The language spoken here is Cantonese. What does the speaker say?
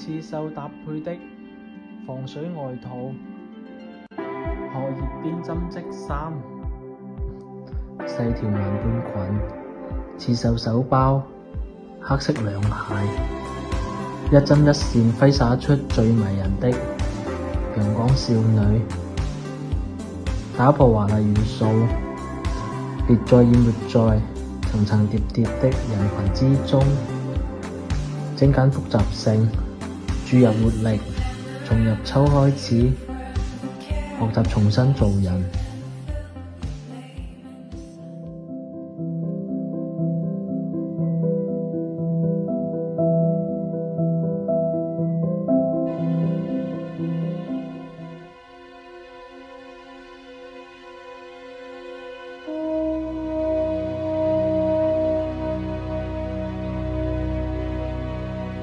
刺繡搭配的防水外套、荷葉邊針織衫、細條紋半裙、刺繡手包、黑色涼鞋，一針一線揮灑出最迷人的陽光少女。打破華麗元素，別再淹沒在層層疊疊的人群之中，精簡複雜性。注入活力，從入秋開始，學習重新做人。